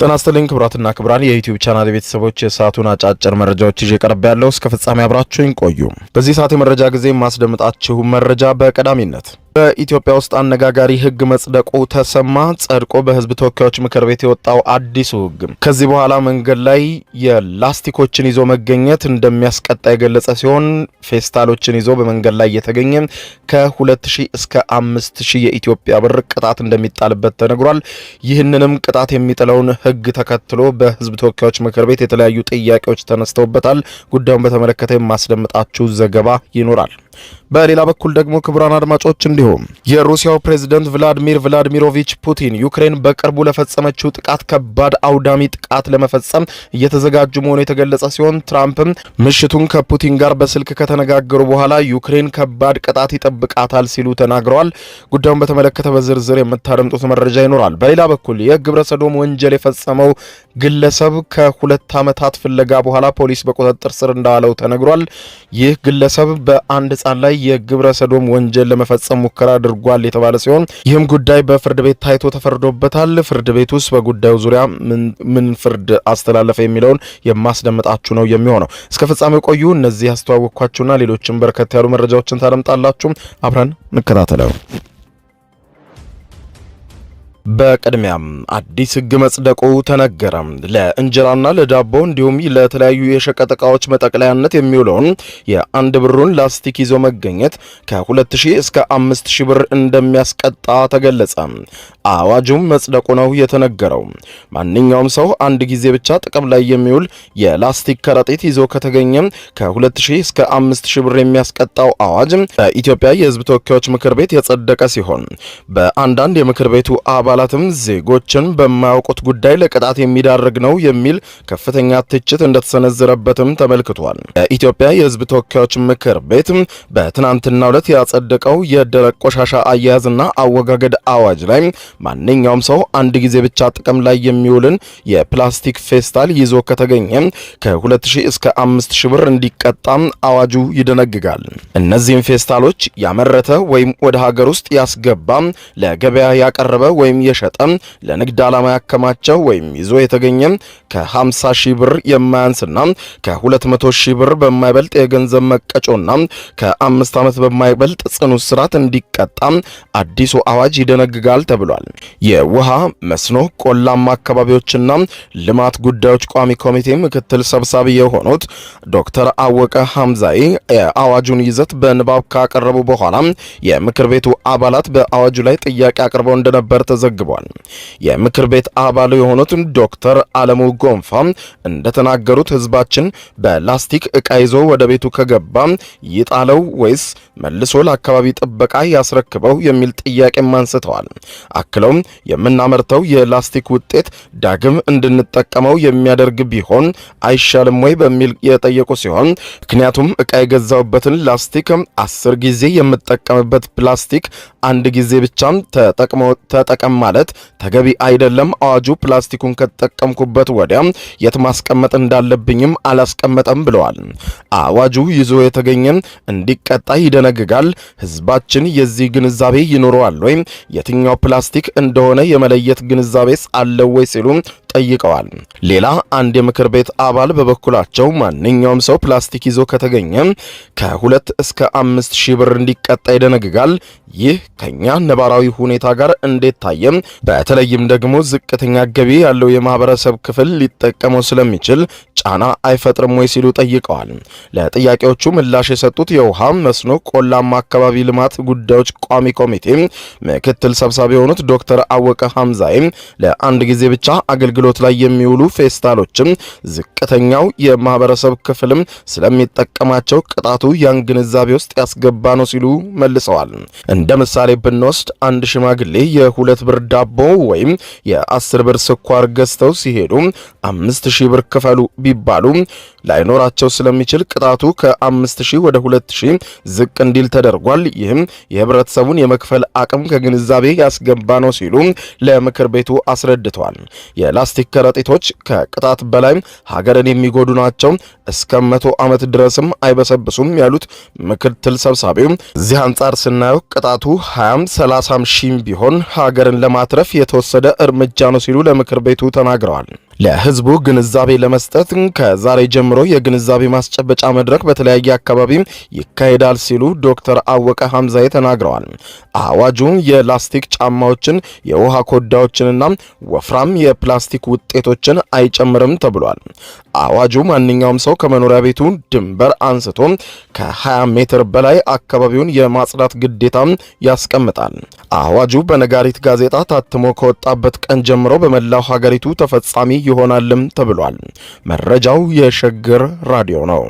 ጤና ይስጥልኝ ክቡራትና ክቡራን የዩቲዩብ ቻናል ቤተሰቦች የሰዓቱን አጫጭር መረጃዎች ይዤ ቀርብ ያለው እስከ ፍጻሜ አብራችሁኝ ቆዩ። በዚህ ሰዓት የመረጃ ጊዜ የማስደምጣችሁ መረጃ በቀዳሚነት በኢትዮጵያ ውስጥ አነጋጋሪ ህግ መጽደቁ ተሰማ። ጸድቆ በህዝብ ተወካዮች ምክር ቤት የወጣው አዲሱ ህግ ከዚህ በኋላ መንገድ ላይ የላስቲኮችን ይዞ መገኘት እንደሚያስቀጣ የገለጸ ሲሆን ፌስታሎችን ይዞ በመንገድ ላይ የተገኘ ከ2000 እስከ 5000 የኢትዮጵያ ብር ቅጣት እንደሚጣልበት ተነግሯል። ይህንንም ቅጣት የሚጥለውን ህግ ተከትሎ በህዝብ ተወካዮች ምክር ቤት የተለያዩ ጥያቄዎች ተነስተውበታል። ጉዳዩን በተመለከተ የማስደምጣችሁ ዘገባ ይኖራል። በሌላ በኩል ደግሞ ክቡራን አድማጮች እንዲሁም የሩሲያው ፕሬዝደንት ቭላድሚር ቭላድሚሮቪች ፑቲን ዩክሬን በቅርቡ ለፈጸመችው ጥቃት ከባድ አውዳሚ ጥቃት ለመፈጸም እየተዘጋጁ መሆኑ የተገለጸ ሲሆን ትራምፕም ምሽቱን ከፑቲን ጋር በስልክ ከተነጋገሩ በኋላ ዩክሬን ከባድ ቅጣት ይጠብቃታል ሲሉ ተናግረዋል። ጉዳዩን በተመለከተ በዝርዝር የምታደምጡት መረጃ ይኖራል። በሌላ በኩል የግብረ ሰዶም ወንጀል የፈጸመው ግለሰብ ከሁለት ዓመታት ፍለጋ በኋላ ፖሊስ በቁጥጥር ስር እንዳዋለው ተነግሯል። ይህ ግለሰብ በአንድ ህጻን ላይ የግብረ ሰዶም ወንጀል ለመፈጸም ሙከራ አድርጓል የተባለ ሲሆን ይህም ጉዳይ በፍርድ ቤት ታይቶ ተፈርዶበታል። ፍርድ ቤት ውስጥ በጉዳዩ ዙሪያ ምን ፍርድ አስተላለፈ የሚለውን የማስደመጣችሁ ነው የሚሆነው። እስከ ፍጻሜው ቆዩ። እነዚህ ያስተዋወቅኳችሁና ሌሎችም በርከት ያሉ መረጃዎችን ታደምጣላችሁ። አብረን እንከታተለው። በቅድሚያም አዲስ ህግ መጽደቁ ተነገረ። ለእንጀራና ለዳቦ እንዲሁም ለተለያዩ የሸቀጥ እቃዎች መጠቅለያነት የሚውለውን የአንድ ብሩን ላስቲክ ይዞ መገኘት ከ2000 እስከ 5000 ብር እንደሚያስቀጣ ተገለጸ። አዋጁም መጽደቁ ነው የተነገረው። ማንኛውም ሰው አንድ ጊዜ ብቻ ጥቅም ላይ የሚውል የላስቲክ ከረጢት ይዞ ከተገኘ ከ2000 እስከ 5000 ብር የሚያስቀጣው አዋጅ በኢትዮጵያ የህዝብ ተወካዮች ምክር ቤት የጸደቀ ሲሆን በአንዳንድ የምክር ቤቱ አባል አባላትም ዜጎችን በማያውቁት ጉዳይ ለቅጣት የሚዳርግ ነው የሚል ከፍተኛ ትችት እንደተሰነዘረበትም ተመልክቷል። የኢትዮጵያ የሕዝብ ተወካዮች ምክር ቤት በትናንትናው ዕለት ያጸደቀው የደረቅ ቆሻሻ አያያዝና አወጋገድ አዋጅ ላይ ማንኛውም ሰው አንድ ጊዜ ብቻ ጥቅም ላይ የሚውልን የፕላስቲክ ፌስታል ይዞ ከተገኘ ከ2000 እስከ 5000 ብር እንዲቀጣ አዋጁ ይደነግጋል። እነዚህም ፌስታሎች ያመረተ ወይም ወደ ሀገር ውስጥ ያስገባ፣ ለገበያ ያቀረበ ወይም የሸጠ ለንግድ ዓላማ ያከማቸው ወይም ይዞ የተገኘ ከ50 ሺህ ብር የማያንስና ከ200 ሺህ ብር በማይበልጥ የገንዘብ መቀጮና ከአምስት ዓመት በማይበልጥ ጽኑ እስራት እንዲቀጣ አዲሱ አዋጅ ይደነግጋል ተብሏል። የውሃ መስኖ፣ ቆላማ አካባቢዎችና ልማት ጉዳዮች ቋሚ ኮሚቴ ምክትል ሰብሳቢ የሆኑት ዶክተር አወቀ ሐምዛይ የአዋጁን ይዘት በንባብ ካቀረቡ በኋላ የምክር ቤቱ አባላት በአዋጁ ላይ ጥያቄ አቅርበው እንደነበር ተዘግ ተዘግቧል። የምክር ቤት አባሉ የሆኑት ዶክተር አለሙ ጎንፋ እንደተናገሩት ህዝባችን በላስቲክ እቃ ይዞ ወደ ቤቱ ከገባ ይጣለው ወይስ መልሶ ለአካባቢ ጥበቃ ያስረክበው የሚል ጥያቄም አንስተዋል። አክለውም የምናመርተው የላስቲክ ውጤት ዳግም እንድንጠቀመው የሚያደርግ ቢሆን አይሻልም ወይ በሚል የጠየቁ ሲሆን ምክንያቱም እቃ የገዛውበትን ላስቲክ አስር ጊዜ የምጠቀምበት ፕላስቲክ አንድ ጊዜ ብቻ ተጠቅሞ ተጠቀማ ማለት ተገቢ አይደለም። አዋጁ ፕላስቲኩን ከተጠቀምኩበት ወዲያ የት ማስቀመጥ እንዳለብኝም አላስቀመጠም ብለዋል። አዋጁ ይዞ የተገኘ እንዲቀጣ ይደነግጋል። ህዝባችን የዚህ ግንዛቤ ይኖረዋል ወይም የትኛው ፕላስቲክ እንደሆነ የመለየት ግንዛቤስ አለው ወይ ሲሉ ጠይቀዋል። ሌላ አንድ የምክር ቤት አባል በበኩላቸው ማንኛውም ሰው ፕላስቲክ ይዞ ከተገኘ ከሁለት እስከ አምስት ሺህ ብር እንዲቀጣ ይደነግጋል። ይህ ከኛ ነባራዊ ሁኔታ ጋር እንዴት ታየ? በተለይም ደግሞ ዝቅተኛ ገቢ ያለው የማህበረሰብ ክፍል ሊጠቀመው ስለሚችል ጫና አይፈጥርም ወይ ሲሉ ጠይቀዋል። ለጥያቄዎቹ ምላሽ የሰጡት የውሃ መስኖ፣ ቆላማ አካባቢ ልማት ጉዳዮች ቋሚ ኮሚቴ ምክትል ሰብሳቢ የሆኑት ዶክተር አወቀ ሐምዛይም ለአንድ ጊዜ ብቻ አገልግሎ አገልግሎት ላይ የሚውሉ ፌስታሎችም ዝቅተኛው የማህበረሰብ ክፍልም ስለሚጠቀማቸው ቅጣቱ ያን ግንዛቤ ውስጥ ያስገባ ነው ሲሉ መልሰዋል። እንደ ምሳሌ ብንወስድ አንድ ሽማግሌ የሁለት ብር ዳቦ ወይም የአስር ብር ስኳር ገዝተው ሲሄዱ አምስት ሺህ ብር ክፈሉ ቢባሉ ላይኖራቸው ስለሚችል ቅጣቱ ከአምስት ሺህ ወደ 2000 ሺህ ዝቅ እንዲል ተደርጓል። ይህም የህብረተሰቡን የመክፈል አቅም ከግንዛቤ ያስገባ ነው ሲሉ ለምክር ቤቱ አስረድተዋል። የላስቲክ ከረጢቶች ከቅጣት በላይ ሀገርን የሚጎዱ ናቸው፣ እስከ መቶ ዓመት ድረስም አይበሰብሱም ያሉት ምክትል ሰብሳቢው እዚህ አንጻር ስናየው ቅጣቱ 20 30 ሺህ ቢሆን ሀገርን ለማትረፍ የተወሰደ እርምጃ ነው ሲሉ ለምክር ቤቱ ተናግረዋል። ለህዝቡ ግንዛቤ ለመስጠት ከዛሬ ጀምሮ የግንዛቤ ማስጨበጫ መድረክ በተለያየ አካባቢ ይካሄዳል ሲሉ ዶክተር አወቀ ሀምዛዬ ተናግረዋል። አዋጁ የላስቲክ ጫማዎችን፣ የውሃ ኮዳዎችንና ወፍራም የፕላስቲክ ውጤቶችን አይጨምርም ተብሏል። አዋጁ ማንኛውም ሰው ከመኖሪያ ቤቱ ድንበር አንስቶ ከ20 ሜትር በላይ አካባቢውን የማጽዳት ግዴታ ያስቀምጣል። አዋጁ በነጋሪት ጋዜጣ ታትሞ ከወጣበት ቀን ጀምሮ በመላው ሀገሪቱ ተፈጻሚ ይሆናልም ተብሏል። መረጃው የሸገር ራዲዮ ነው።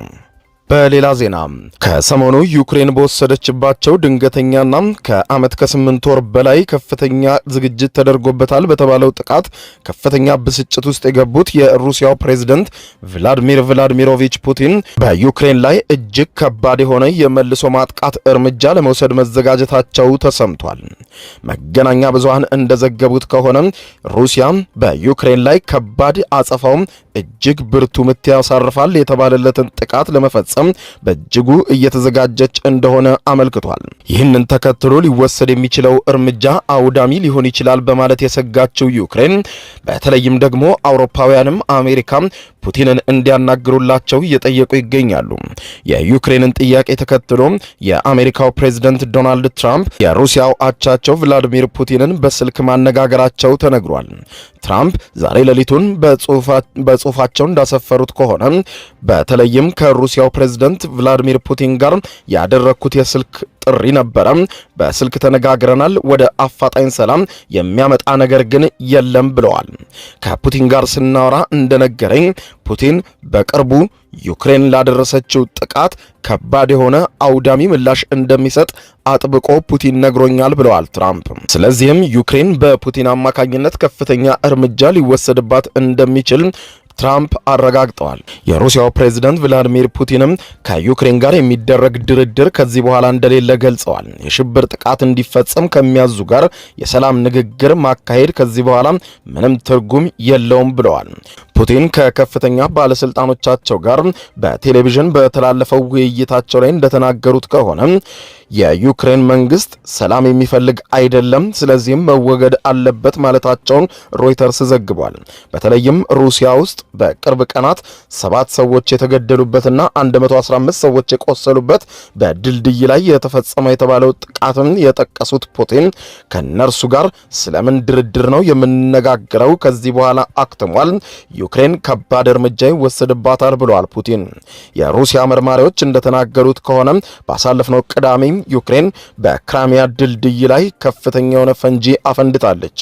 በሌላ ዜና ከሰሞኑ ዩክሬን በወሰደችባቸው ድንገተኛና ከዓመት ከስምንት ወር በላይ ከፍተኛ ዝግጅት ተደርጎበታል በተባለው ጥቃት ከፍተኛ ብስጭት ውስጥ የገቡት የሩሲያው ፕሬዝደንት ቭላድሚር ቭላድሚሮቪች ፑቲን በዩክሬን ላይ እጅግ ከባድ የሆነ የመልሶ ማጥቃት እርምጃ ለመውሰድ መዘጋጀታቸው ተሰምቷል። መገናኛ ብዙሃን እንደዘገቡት ከሆነ ሩሲያ በዩክሬን ላይ ከባድ አጸፋውም እጅግ ብርቱ ምት ያሳርፋል የተባለለትን ጥቃት ለመፈጸም ለመፈጸም በእጅጉ እየተዘጋጀች እንደሆነ አመልክቷል። ይህንን ተከትሎ ሊወሰድ የሚችለው እርምጃ አውዳሚ ሊሆን ይችላል በማለት የሰጋችው ዩክሬን በተለይም ደግሞ አውሮፓውያንም አሜሪካ ፑቲንን እንዲያናግሩላቸው እየጠየቁ ይገኛሉ። የዩክሬንን ጥያቄ ተከትሎ የአሜሪካው ፕሬዝደንት ዶናልድ ትራምፕ የሩሲያው አቻቸው ቭላዲሚር ፑቲንን በስልክ ማነጋገራቸው ተነግሯል። ትራምፕ ዛሬ ሌሊቱን በጽሁፋቸው እንዳሰፈሩት ከሆነ በተለይም ከሩሲያው ፕሬዝደንት ቭላዲሚር ፑቲን ጋር ያደረግኩት የስልክ ጥሪ ነበረ። በስልክ ተነጋግረናል። ወደ አፋጣኝ ሰላም የሚያመጣ ነገር ግን የለም ብለዋል። ከፑቲን ጋር ስናወራ እንደነገረኝ ፑቲን በቅርቡ ዩክሬን ላደረሰችው ጥቃት ከባድ የሆነ አውዳሚ ምላሽ እንደሚሰጥ አጥብቆ ፑቲን ነግሮኛል ብለዋል ትራምፕ። ስለዚህም ዩክሬን በፑቲን አማካኝነት ከፍተኛ እርምጃ ሊወሰድባት እንደሚችል ትራምፕ አረጋግጠዋል። የሩሲያው ፕሬዝደንት ቭላዲሚር ፑቲንም ከዩክሬን ጋር የሚደረግ ድርድር ከዚህ በኋላ እንደሌለ ገልጸዋል። የሽብር ጥቃት እንዲፈጸም ከሚያዙ ጋር የሰላም ንግግር ማካሄድ ከዚህ በኋላ ምንም ትርጉም የለውም ብለዋል። ፑቲን ከከፍተኛ ባለስልጣኖቻቸው ጋር በቴሌቪዥን በተላለፈው ውይይታቸው ላይ እንደተናገሩት ከሆነ የዩክሬን መንግስት ሰላም የሚፈልግ አይደለም፣ ስለዚህም መወገድ አለበት ማለታቸውን ሮይተርስ ዘግቧል። በተለይም ሩሲያ ውስጥ በቅርብ ቀናት ሰባት ሰዎች የተገደሉበትና 115 ሰዎች የቆሰሉበት በድልድይ ላይ የተፈጸመ የተባለው ጥቃትን የጠቀሱት ፑቲን ከእነርሱ ጋር ስለምን ድርድር ነው የምንነጋገረው? ከዚህ በኋላ አክትሟል። ዩክሬን ከባድ እርምጃ ይወሰድባታል ብለዋል ፑቲን። የሩሲያ መርማሪዎች እንደተናገሩት ከሆነ ባሳለፍነው ቅዳሜ በተጨማሪም ዩክሬን በክራሚያ ድልድይ ላይ ከፍተኛ የሆነ ፈንጂ አፈንድታለች።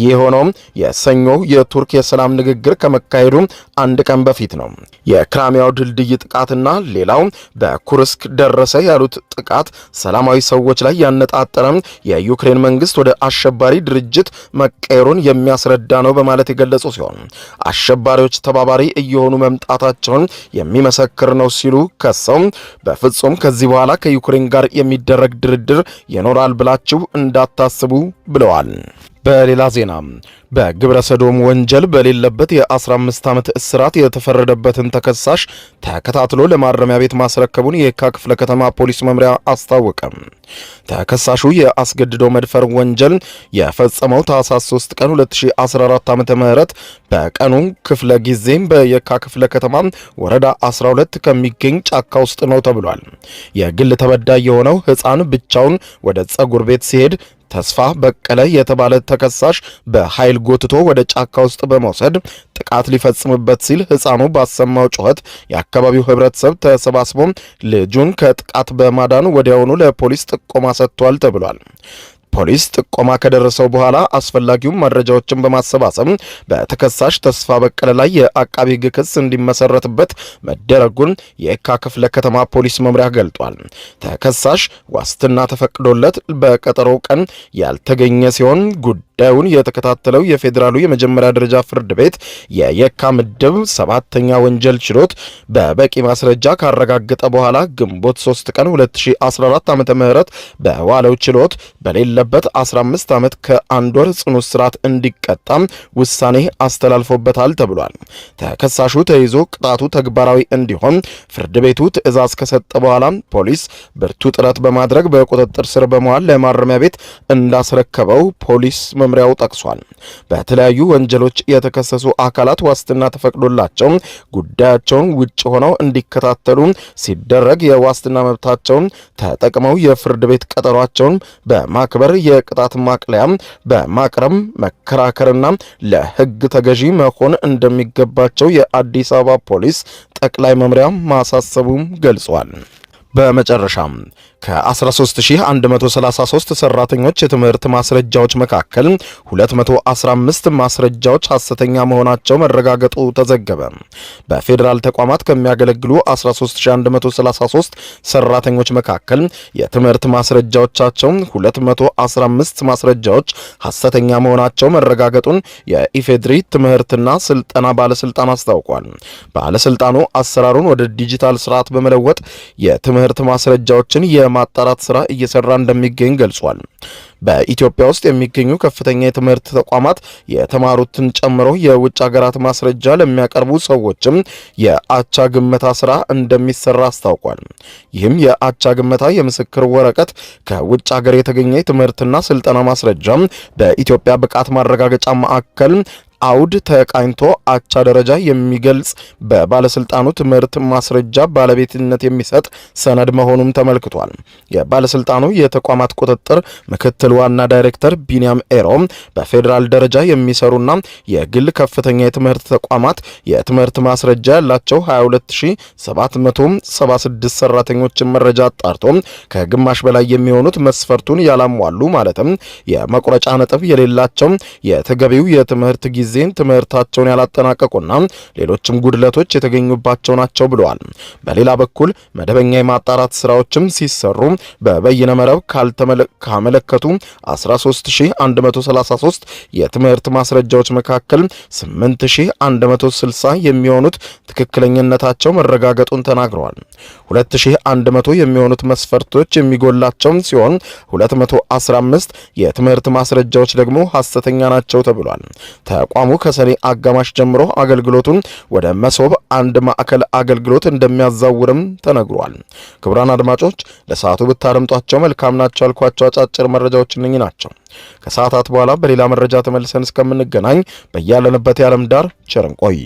ይህ የሆነውም የሰኞው የቱርክ የሰላም ንግግር ከመካሄዱ አንድ ቀን በፊት ነው። የክራሚያው ድልድይ ጥቃትና ሌላው በኩርስክ ደረሰ ያሉት ጥቃት ሰላማዊ ሰዎች ላይ ያነጣጠረ የዩክሬን መንግስት ወደ አሸባሪ ድርጅት መቀየሩን የሚያስረዳ ነው በማለት የገለጹ ሲሆን አሸባሪዎች ተባባሪ እየሆኑ መምጣታቸውን የሚመሰክር ነው ሲሉ ከሰው በፍጹም ከዚህ በኋላ ከዩክሬን ጋር የሚደረግ ድርድር ይኖራል ብላችሁ እንዳታስቡ ብለዋል። በሌላ ዜና በግብረ ሰዶም ወንጀል በሌለበት የ15 ዓመት እስራት የተፈረደበትን ተከሳሽ ተከታትሎ ለማረሚያ ቤት ማስረከቡን የካ ክፍለ ከተማ ፖሊስ መምሪያ አስታወቀ። ተከሳሹ የአስገድዶ መድፈር ወንጀል የፈጸመው ታህሳስ 3 ቀን 2014 ዓ ምህረት በቀኑ ክፍለ ጊዜም በየካ ክፍለ ከተማ ወረዳ 12 ከሚገኝ ጫካ ውስጥ ነው ተብሏል። የግል ተበዳይ የሆነው ህፃን ብቻውን ወደ ጸጉር ቤት ሲሄድ ተስፋ በቀለ የተባለ ተከሳሽ በኃይል ጎትቶ ወደ ጫካ ውስጥ በመውሰድ ጥቃት ሊፈጽምበት ሲል ህፃኑ ባሰማው ጩኸት የአካባቢው ህብረተሰብ ተሰባስቦ ልጁን ከጥቃት በማዳን ወዲያውኑ ለፖሊስ ጥቆማ ሰጥቷል ተብሏል። ፖሊስ ጥቆማ ከደረሰው በኋላ አስፈላጊውን መረጃዎችን በማሰባሰብ በተከሳሽ ተስፋ በቀለ ላይ የአቃቢ ሕግ ክስ እንዲመሰረትበት መደረጉን የካ ክፍለ ከተማ ፖሊስ መምሪያ ገልጧል። ተከሳሽ ዋስትና ተፈቅዶለት በቀጠሮው ቀን ያልተገኘ ሲሆን ጉዳዩ ጉዳዩን የተከታተለው የፌዴራሉ የመጀመሪያ ደረጃ ፍርድ ቤት የየካ ምድብ ሰባተኛ ወንጀል ችሎት በበቂ ማስረጃ ካረጋገጠ በኋላ ግንቦት 3 ቀን 2014 ዓ.ም በዋለው ችሎት በሌለበት 15 ዓመት ከአንድ ወር ጽኑ እስራት እንዲቀጣም ውሳኔ አስተላልፎበታል ተብሏል። ተከሳሹ ተይዞ ቅጣቱ ተግባራዊ እንዲሆን ፍርድ ቤቱ ትዕዛዝ ከሰጠ በኋላ ፖሊስ ብርቱ ጥረት በማድረግ በቁጥጥር ስር በመዋል ለማረሚያ ቤት እንዳስረከበው ፖሊስ መምሪያው ጠቅሷል። በተለያዩ ወንጀሎች የተከሰሱ አካላት ዋስትና ተፈቅዶላቸው ጉዳያቸውን ውጭ ሆነው እንዲከታተሉ ሲደረግ የዋስትና መብታቸውን ተጠቅመው የፍርድ ቤት ቀጠሯቸውን በማክበር የቅጣት ማቅለያ በማቅረብ መከራከርና ለሕግ ተገዢ መሆን እንደሚገባቸው የአዲስ አበባ ፖሊስ ጠቅላይ መምሪያ ማሳሰቡም ገልጿል። በመጨረሻም ከ13133 ሰራተኞች የትምህርት ማስረጃዎች መካከል 215 ማስረጃዎች ሐሰተኛ መሆናቸው መረጋገጡ ተዘገበ። በፌዴራል ተቋማት ከሚያገለግሉ 13133 ሰራተኞች መካከል የትምህርት ማስረጃዎቻቸው 215 ማስረጃዎች ሐሰተኛ መሆናቸው መረጋገጡን የኢፌድሪ ትምህርትና ስልጠና ባለስልጣን አስታውቋል። ባለስልጣኑ አሰራሩን ወደ ዲጂታል ስርዓት በመለወጥ የትምህርት ማስረጃዎችን የ የማጣራት ስራ እየሰራ እንደሚገኝ ገልጿል። በኢትዮጵያ ውስጥ የሚገኙ ከፍተኛ የትምህርት ተቋማት የተማሩትን ጨምሮ የውጭ ሀገራት ማስረጃ ለሚያቀርቡ ሰዎችም የአቻ ግመታ ስራ እንደሚሰራ አስታውቋል። ይህም የአቻ ግመታ የምስክር ወረቀት ከውጭ ሀገር የተገኘ የትምህርትና ስልጠና ማስረጃ በኢትዮጵያ ብቃት ማረጋገጫ ማዕከል አውድ ተቃኝቶ አቻ ደረጃ የሚገልጽ በባለስልጣኑ ትምህርት ማስረጃ ባለቤትነት የሚሰጥ ሰነድ መሆኑም ተመልክቷል። የባለስልጣኑ የተቋማት ቁጥጥር ምክትል ዋና ዳይሬክተር ቢንያም ኤሮ በፌዴራል ደረጃ የሚሰሩና የግል ከፍተኛ የትምህርት ተቋማት የትምህርት ማስረጃ ያላቸው 22776 ሰራተኞችን መረጃ አጣርቶ ከግማሽ በላይ የሚሆኑት መስፈርቱን ያላሟሉ ማለትም የመቁረጫ ነጥብ የሌላቸው የተገቢው የትምህርት ጊዜ ጊዜም ትምህርታቸውን ያላጠናቀቁና ሌሎችም ጉድለቶች የተገኙባቸው ናቸው ብለዋል። በሌላ በኩል መደበኛ የማጣራት ስራዎችም ሲሰሩ በበይነ መረብ ካመለከቱ 13133 የትምህርት ማስረጃዎች መካከል 8160 የሚሆኑት ትክክለኝነታቸው መረጋገጡን ተናግረዋል። 2100 የሚሆኑት መስፈርቶች የሚጎላቸው ሲሆን 215 የትምህርት ማስረጃዎች ደግሞ ሐሰተኛ ናቸው ተብሏል። ተቋሙ ከሰኔ አጋማሽ ጀምሮ አገልግሎቱን ወደ መሶብ አንድ ማዕከል አገልግሎት እንደሚያዛውርም ተነግሯል። ክቡራን አድማጮች ለሰዓቱ ብታደምጧቸው መልካም ናቸው ያልኳቸው አጫጭር መረጃዎች እነኝ ናቸው። ከሰዓታት በኋላ በሌላ መረጃ ተመልሰን እስከምንገናኝ በያለንበት የዓለም ዳር ቸርን ቆይ